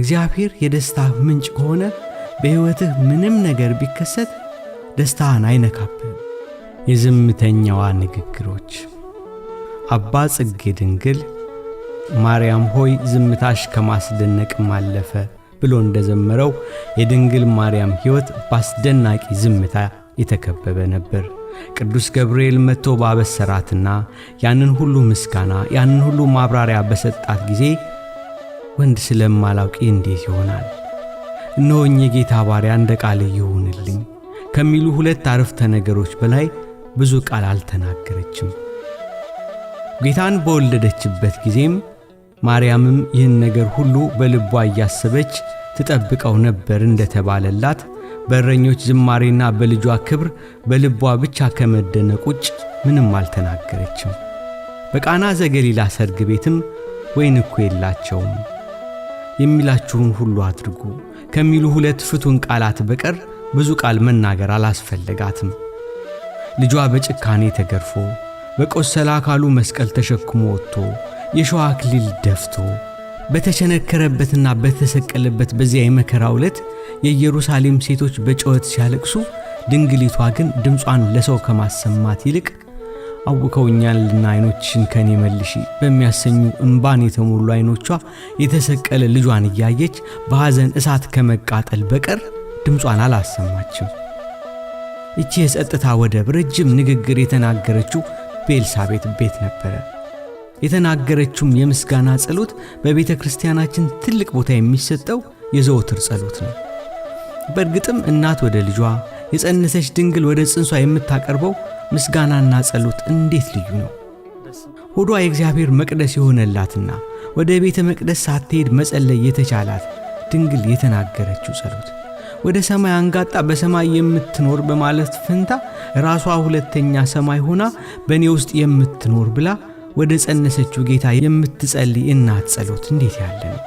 እግዚአብሔር የደስታ ምንጭ ከሆነ በሕይወትህ ምንም ነገር ቢከሰት ደስታን አይነካብህም። የዝምተኛዋ ንግግሮች አባ ጽጌ ድንግል ማርያም ሆይ ዝምታሽ ከማስደነቅም አለፈ ብሎ እንደዘመረው የድንግል ማርያም ሕይወት በአስደናቂ ዝምታ የተከበበ ነበር። ቅዱስ ገብርኤል መጥቶ ባበሰራትና ያንን ሁሉ ምስጋና ያንን ሁሉ ማብራሪያ በሰጣት ጊዜ ወንድ ስለማላውቅ እንዴት ይሆናል? እነሆኝ የጌታ ባሪያ እንደ ቃል ይሁንልኝ ከሚሉ ሁለት አረፍተ ነገሮች በላይ ብዙ ቃል አልተናገረችም። ጌታን በወለደችበት ጊዜም ማርያምም ይህን ነገር ሁሉ በልቧ እያሰበች ትጠብቀው ነበር እንደተባለላት በእረኞች ዝማሬና በልጇ ክብር በልቧ ብቻ ከመደነቅ ውጭ ምንም አልተናገረችም። በቃና ዘገሊላ ሰርግ ቤትም ወይን እኮ የላቸውም የሚላችሁን ሁሉ አድርጉ ከሚሉ ሁለት ፍቱን ቃላት በቀር ብዙ ቃል መናገር አላስፈለጋትም። ልጇ በጭካኔ ተገርፎ በቆሰለ አካሉ መስቀል ተሸክሞ ወጥቶ የሸዋ አክሊል ደፍቶ በተቸነከረበትና በተሰቀለበት በዚያ የመከራ ዕለት የኢየሩሳሌም ሴቶች በጩኸት ሲያለቅሱ ድንግሊቷ ግን ድምጿን ለሰው ከማሰማት ይልቅ አውከውኛልና አይኖችን ከኔ መልሺ በሚያሰኙ እምባን የተሞሉ አይኖቿ የተሰቀለ ልጇን እያየች በሐዘን እሳት ከመቃጠል በቀር ድምጿን አላሰማችም። ይቺ የጸጥታ ወደብ ረጅም ንግግር የተናገረችው በኤልሳቤት ቤት ነበረ። የተናገረችውም የምስጋና ጸሎት በቤተ ክርስቲያናችን ትልቅ ቦታ የሚሰጠው የዘወትር ጸሎት ነው። በእርግጥም እናት ወደ ልጇ የጸነሰች ድንግል ወደ ጽንሷ የምታቀርበው ምስጋናና ጸሎት እንዴት ልዩ ነው! ሆዷ የእግዚአብሔር መቅደስ የሆነላትና ወደ ቤተ መቅደስ ሳትሄድ መጸለይ የተቻላት ድንግል የተናገረችው ጸሎት ወደ ሰማይ አንጋጣ በሰማይ የምትኖር በማለት ፍንታ ራሷ ሁለተኛ ሰማይ ሆና በእኔ ውስጥ የምትኖር ብላ ወደ ጸነሰችው ጌታ የምትጸልይ እናት ጸሎት እንዴት ያለ ነው!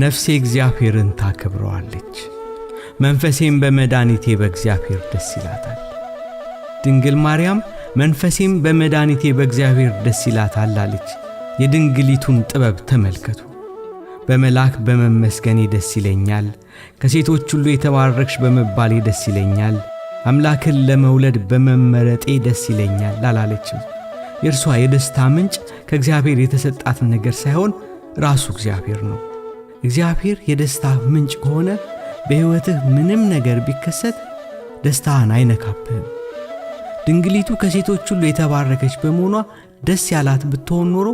ነፍሴ እግዚአብሔርን ታከብረዋለች፣ መንፈሴም በመድኃኒቴ በእግዚአብሔር ደስ ይላታል። ድንግል ማርያም መንፈሴም በመድኃኒቴ በእግዚአብሔር ደስ ይላታል አለች። የድንግሊቱን ጥበብ ተመልከቱ። በመልአክ በመመስገኔ ደስ ይለኛል፣ ከሴቶች ሁሉ የተባረክሽ በመባሌ ደስ ይለኛል፣ አምላክን ለመውለድ በመመረጤ ደስ ይለኛል አላለችም። የእርሷ የደስታ ምንጭ ከእግዚአብሔር የተሰጣት ነገር ሳይሆን ራሱ እግዚአብሔር ነው። እግዚአብሔር የደስታ ምንጭ ከሆነ በሕይወትህ ምንም ነገር ቢከሰት ደስታህን አይነካብህም። ድንግሊቱ ከሴቶች ሁሉ የተባረከች በመሆኗ ደስ ያላት ብትሆን ኖሮ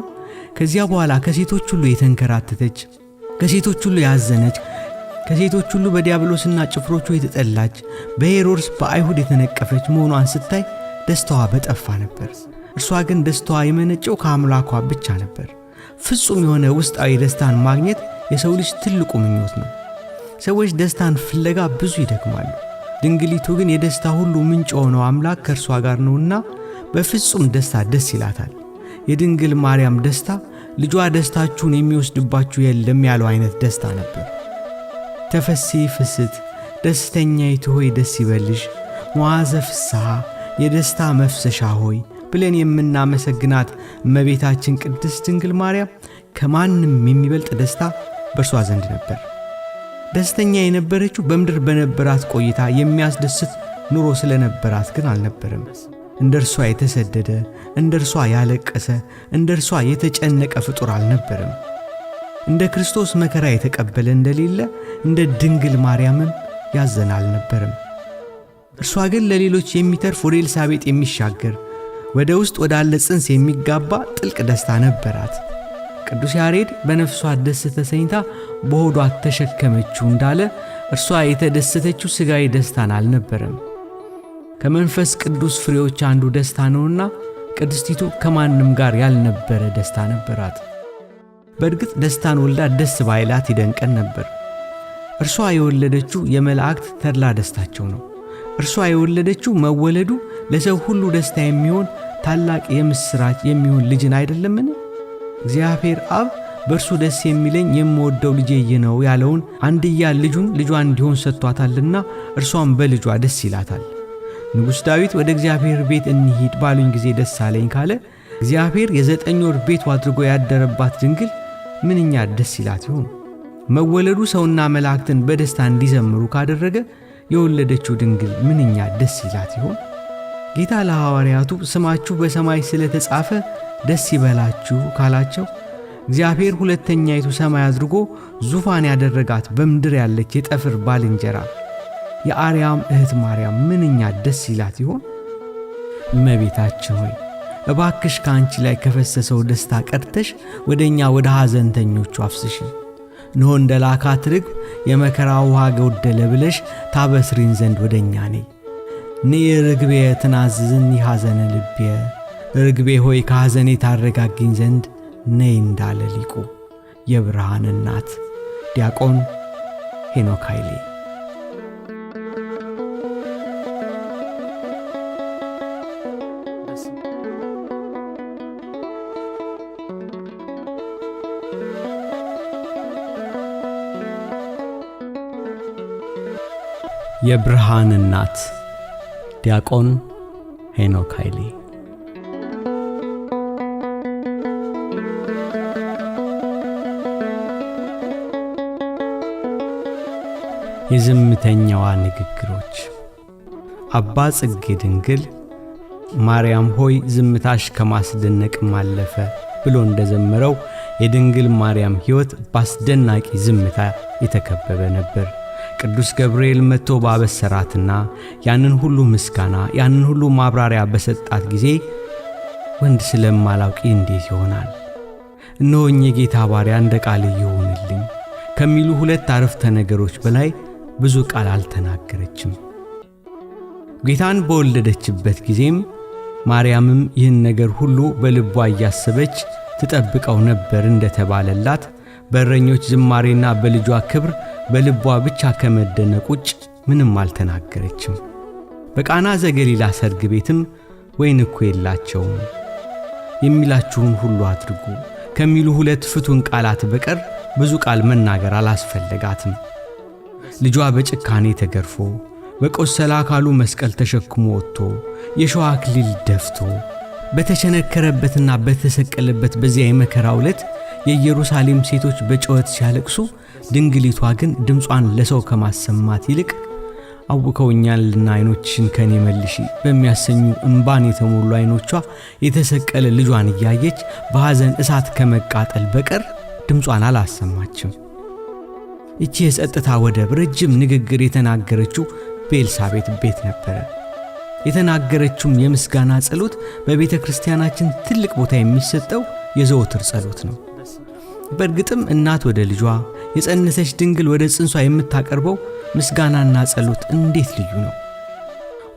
ከዚያ በኋላ ከሴቶች ሁሉ የተንከራተተች፣ ከሴቶች ሁሉ ያዘነች፣ ከሴቶች ሁሉ በዲያብሎስና ጭፍሮቹ የተጠላች፣ በሄሮድስ በአይሁድ የተነቀፈች መሆኗን ስታይ ደስታዋ በጠፋ ነበር። እርሷ ግን ደስታዋ የመነጨው ከአምላኳ ብቻ ነበር። ፍጹም የሆነ ውስጣዊ ደስታን ማግኘት የሰው ልጅ ትልቁ ምኞት ነው። ሰዎች ደስታን ፍለጋ ብዙ ይደክማሉ። ድንግሊቱ ግን የደስታ ሁሉ ምንጭ የሆነው አምላክ ከእርሷ ጋር ነውና በፍጹም ደስታ ደስ ይላታል። የድንግል ማርያም ደስታ ልጇ ደስታችሁን የሚወስድባችሁ የለም ያለው አይነት ደስታ ነበር። ተፈሲ ፍስት ደስተኛ ይትሆይ ደስ ይበልሽ፣ መዋዘ ፍስሐ የደስታ መፍሰሻ ሆይ ብለን የምናመሰግናት እመቤታችን ቅድስት ድንግል ማርያም ከማንም የሚበልጥ ደስታ በእርሷ ዘንድ ነበር። ደስተኛ የነበረችው በምድር በነበራት ቆይታ የሚያስደስት ኑሮ ስለነበራት ግን አልነበረም። እንደ እርሷ የተሰደደ፣ እንደ እርሷ ያለቀሰ፣ እንደ እርሷ የተጨነቀ ፍጡር አልነበረም። እንደ ክርስቶስ መከራ የተቀበለ እንደሌለ እንደ ድንግል ማርያምም ያዘን አልነበርም እርሷ ግን ለሌሎች የሚተርፍ ወደ ኤልሳቤጥ የሚሻገር ወደ ውስጥ ወዳለ ጽንስ የሚጋባ ጥልቅ ደስታ ነበራት። ቅዱስ ያሬድ በነፍሷ ደስ ተሰኝታ በሆዷ ተሸከመችው እንዳለ እርሷ የተደሰተችው ሥጋዊ ደስታን አልነበረም። ከመንፈስ ቅዱስ ፍሬዎች አንዱ ደስታ ነውና ቅድስቲቱ ከማንም ጋር ያልነበረ ደስታ ነበራት። በእርግጥ ደስታን ወልዳ ደስ ባይላት ይደንቀን ነበር። እርሷ የወለደችው የመላእክት ተድላ ደስታቸው ነው። እርሷ የወለደችው መወለዱ ለሰው ሁሉ ደስታ የሚሆን ታላቅ የምሥራች የሚሆን ልጅን አይደለምን? እግዚአብሔር አብ በእርሱ ደስ የሚለኝ የምወደው ልጄ ነው ያለውን አንድያ ልጁን ልጇ እንዲሆን ሰጥቷታልና እርሷም በልጇ ደስ ይላታል። ንጉሥ ዳዊት ወደ እግዚአብሔር ቤት እንሂድ ባሉኝ ጊዜ ደስ አለኝ ካለ እግዚአብሔር የዘጠኝ ወር ቤቱ አድርጎ ያደረባት ድንግል ምንኛ ደስ ይላት ይሆን? መወለዱ ሰውና መላእክትን በደስታ እንዲዘምሩ ካደረገ የወለደችው ድንግል ምንኛ ደስ ይላት ይሆን? ጌታ ለሐዋርያቱ ስማችሁ በሰማይ ስለ ተጻፈ ደስ ይበላችሁ ካላቸው እግዚአብሔር ሁለተኛይቱ ሰማይ አድርጎ ዙፋን ያደረጋት በምድር ያለች የጠፍር ባልንጀራ የአርያም እህት ማርያም ምንኛ ደስ ይላት ይሆን? እመቤታችን ሆይ እባክሽ ከአንቺ ላይ ከፈሰሰው ደስታ ቀድተሽ ወደ እኛ ወደ ሐዘንተኞቹ አፍስሽ። ንሆ እንደ ላካት ርግብ የመከራ ውሃ ጎደለ ብለሽ ታበስሪን ዘንድ ወደ እኛ ነይ። ኒ ርግቤ ትናዝዝኒ ሐዘነ ልቤ ርግቤ ሆይ ከሐዘኔ ታረጋግኝ ዘንድ ነይ እንዳለ ሊቁ የብርሃን እናት ዲያቆን ሄኖክ ኃይሌ የብርሃን እናት ዲያቆን ሄኖክ ኃይሌ የዝምተኛዋ ንግግሮች አባ ጽጌ ድንግል ማርያም ሆይ ዝምታሽ ከማስደነቅ አለፈ ብሎ እንደዘመረው የድንግል ማርያም ሕይወት በአስደናቂ ዝምታ የተከበበ ነበር። ቅዱስ ገብርኤል መጥቶ ባበሰራትና ያንን ሁሉ ምስጋና ያንን ሁሉ ማብራሪያ በሰጣት ጊዜ ወንድ ስለማላውቂ እንዴት ይሆናል? እነሆኝ የጌታ ባሪያ እንደ ቃል ይሆንልኝ ከሚሉ ሁለት አረፍተ ነገሮች በላይ ብዙ ቃል አልተናገረችም። ጌታን በወለደችበት ጊዜም ማርያምም ይህን ነገር ሁሉ በልቧ እያሰበች ትጠብቀው ነበር እንደተባለላት በረኞች ዝማሬና በልጇ ክብር በልቧ ብቻ ከመደነቅ ውጭ ምንም አልተናገረችም። በቃና ዘገሊላ ሰርግ ቤትም ወይን እኮ የላቸውም። የሚላችሁን ሁሉ አድርጉ ከሚሉ ሁለት ፍቱን ቃላት በቀር ብዙ ቃል መናገር አላስፈለጋትም። ልጇ በጭካኔ ተገርፎ በቆሰለ አካሉ መስቀል ተሸክሞ ወጥቶ የሸዋ አክሊል ደፍቶ በተቸነከረበትና በተሰቀለበት በዚያ የመከራ ዕለት የኢየሩሳሌም ሴቶች በጩኸት ሲያለቅሱ ድንግሊቷ ግን ድምጿን ለሰው ከማሰማት ይልቅ አውከውኛልና አይኖችን ከኔ መልሺ በሚያሰኙ እምባን የተሞሉ አይኖቿ የተሰቀለ ልጇን እያየች በሐዘን እሳት ከመቃጠል በቀር ድምጿን አላሰማችም። ይቺ የጸጥታ ወደብ ረጅም ንግግር የተናገረችው በኤልሳቤት ቤት ነበረ። የተናገረችውም የምስጋና ጸሎት በቤተ ክርስቲያናችን ትልቅ ቦታ የሚሰጠው የዘወትር ጸሎት ነው። በእርግጥም እናት ወደ ልጇ የጸነሰች ድንግል ወደ ጽንሷ የምታቀርበው ምስጋናና ጸሎት እንዴት ልዩ ነው!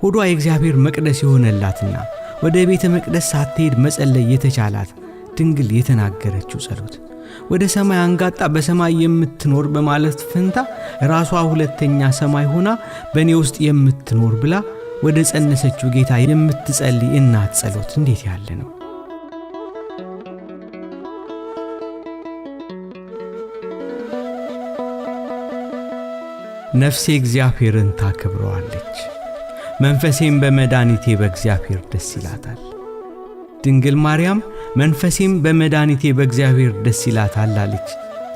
ሆዷ የእግዚአብሔር መቅደስ የሆነላትና ወደ ቤተ መቅደስ ሳትሄድ መጸለይ የተቻላት ድንግል የተናገረችው ጸሎት ወደ ሰማይ አንጋጣ በሰማይ የምትኖር በማለት ፍንታ ራሷ ሁለተኛ ሰማይ ሆና በእኔ ውስጥ የምትኖር ብላ ወደ ጸነሰችው ጌታ የምትጸልይ እናት ጸሎት እንዴት ያለ ነው! ነፍሴ እግዚአብሔርን ታከብረዋለች፣ መንፈሴም በመድኃኒቴ በእግዚአብሔር ደስ ይላታል። ድንግል ማርያም መንፈሴም በመድኃኒቴ በእግዚአብሔር ደስ ይላታል አለች።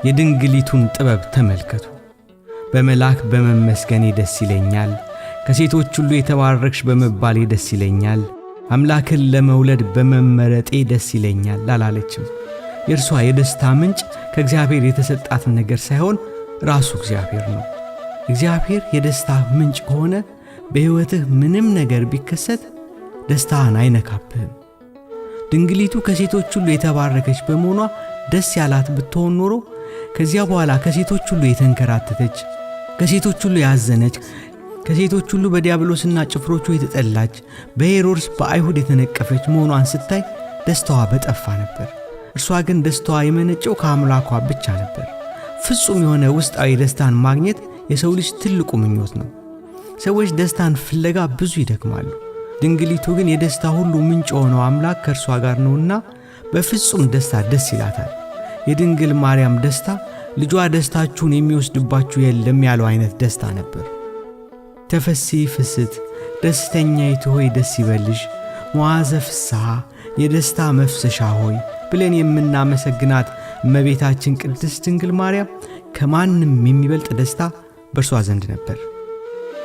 የድንግሊቱን ጥበብ ተመልከቱ። በመልአክ በመመስገኔ ደስ ይለኛል፣ ከሴቶች ሁሉ የተባረክሽ በመባሌ ደስ ይለኛል፣ አምላክን ለመውለድ በመመረጤ ደስ ይለኛል አላለችም። የእርሷ የደስታ ምንጭ ከእግዚአብሔር የተሰጣትን ነገር ሳይሆን ራሱ እግዚአብሔር ነው። እግዚአብሔር የደስታ ምንጭ ከሆነ በሕይወትህ ምንም ነገር ቢከሰት ደስታህን አይነካብህም። ድንግሊቱ ከሴቶች ሁሉ የተባረከች በመሆኗ ደስ ያላት ብትሆን ኖሮ ከዚያ በኋላ ከሴቶች ሁሉ የተንከራተተች፣ ከሴቶች ሁሉ ያዘነች፣ ከሴቶች ሁሉ በዲያብሎስና ጭፍሮቹ የተጠላች፣ በሄሮድስ በአይሁድ የተነቀፈች መሆኗን ስታይ ደስታዋ በጠፋ ነበር። እርሷ ግን ደስታዋ የመነጨው ከአምላኳ ብቻ ነበር። ፍጹም የሆነ ውስጣዊ ደስታን ማግኘት የሰው ልጅ ትልቁ ምኞት ነው። ሰዎች ደስታን ፍለጋ ብዙ ይደክማሉ። ድንግሊቱ ግን የደስታ ሁሉ ምንጭ የሆነው አምላክ ከእርሷ ጋር ነውና በፍጹም ደስታ ደስ ይላታል። የድንግል ማርያም ደስታ ልጇ ደስታችሁን የሚወስድባችሁ የለም ያለው አይነት ደስታ ነበር። ተፈሲ ፍስት ደስተኛ ሆይ ደስ ይበልሽ፣ መዋዘ ፍስሐ የደስታ መፍሰሻ ሆይ ብለን የምናመሰግናት እመቤታችን ቅድስት ድንግል ማርያም ከማንም የሚበልጥ ደስታ በእርሷ ዘንድ ነበር።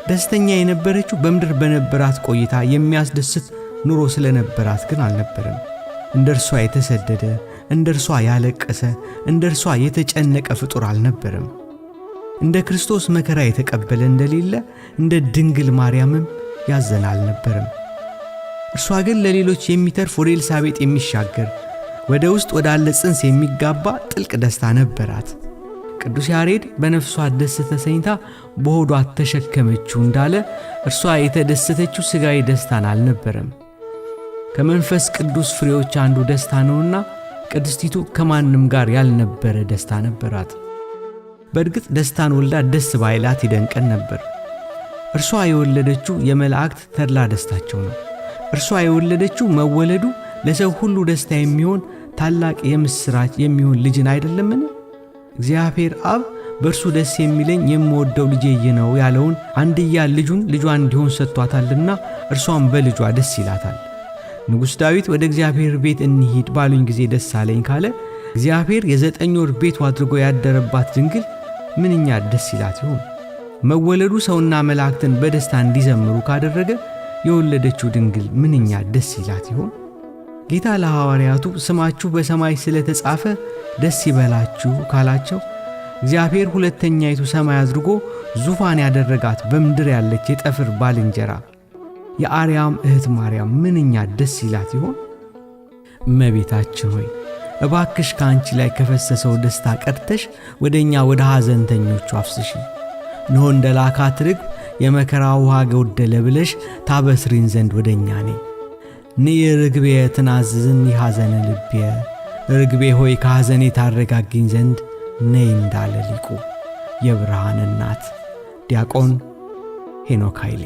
ደስተኛ የነበረችው በምድር በነበራት ቆይታ የሚያስደስት ኑሮ ስለነበራት ግን አልነበረም። እንደ እርሷ የተሰደደ፣ እንደ እርሷ ያለቀሰ፣ እንደ እርሷ የተጨነቀ ፍጡር አልነበረም። እንደ ክርስቶስ መከራ የተቀበለ እንደሌለ እንደ ድንግል ማርያምም ያዘነ አልነበረም። እርሷ ግን ለሌሎች የሚተርፍ ወደ ኤልሳቤጥ የሚሻገር ወደ ውስጥ ወዳለ ጽንስ የሚጋባ ጥልቅ ደስታ ነበራት። ቅዱስ ያሬድ በነፍሷ ደስ ተሰኝታ በሆዷ ተሸከመችው እንዳለ እርሷ የተደሰተችው ሥጋዊ ደስታን አልነበረም። ከመንፈስ ቅዱስ ፍሬዎች አንዱ ደስታ ነውና ቅድስቲቱ ከማንም ጋር ያልነበረ ደስታ ነበራት። በእርግጥ ደስታን ወልዳ ደስ ባይላት ይደንቀን ነበር። እርሷ የወለደችው የመላእክት ተድላ ደስታቸው ነው። እርሷ የወለደችው መወለዱ ለሰው ሁሉ ደስታ የሚሆን ታላቅ የምሥራች የሚሆን ልጅን አይደለምን? እግዚአብሔር አብ በእርሱ ደስ የሚለኝ የምወደው ልጄ ነው ያለውን አንድያ ልጁን ልጇ እንዲሆን ሰጥቷታልና እርሷም በልጇ ደስ ይላታል። ንጉሥ ዳዊት ወደ እግዚአብሔር ቤት እንሂድ ባሉኝ ጊዜ ደስ አለኝ ካለ እግዚአብሔር የዘጠኝ ወር ቤቱ አድርጎ ያደረባት ድንግል ምንኛ ደስ ይላት ይሆን? መወለዱ ሰውና መላእክትን በደስታ እንዲዘምሩ ካደረገ የወለደችው ድንግል ምንኛ ደስ ይላት ይሆን? ጌታ ለሐዋርያቱ ስማችሁ በሰማይ ስለ ተጻፈ ደስ ይበላችሁ ካላቸው እግዚአብሔር ሁለተኛይቱ ሰማይ አድርጎ ዙፋን ያደረጋት በምድር ያለች የጠፍር ባልንጀራ የአርያም እህት ማርያም ምንኛ ደስ ይላት ይሆን? እመቤታችን ሆይ እባክሽ ከአንቺ ላይ ከፈሰሰው ደስታ ቀድተሽ ወደ እኛ ወደ ሐዘንተኞቹ አፍስሽ። ንሆ እንደ ላካት ርግብ የመከራ ውሃ ገወደለ ብለሽ ታበስሪን ዘንድ ወደ እኛ ነይ። ኒ ርግቤ ትናዝዝኒ ሐዘነ ልቤ ርግቤ ሆይ ከሐዘኔ ታረጋግኝ ዘንድ ነይ እንዳለ ሊቁ የብርሃን እናት ዲያቆን ሄኖክ ኃይሌ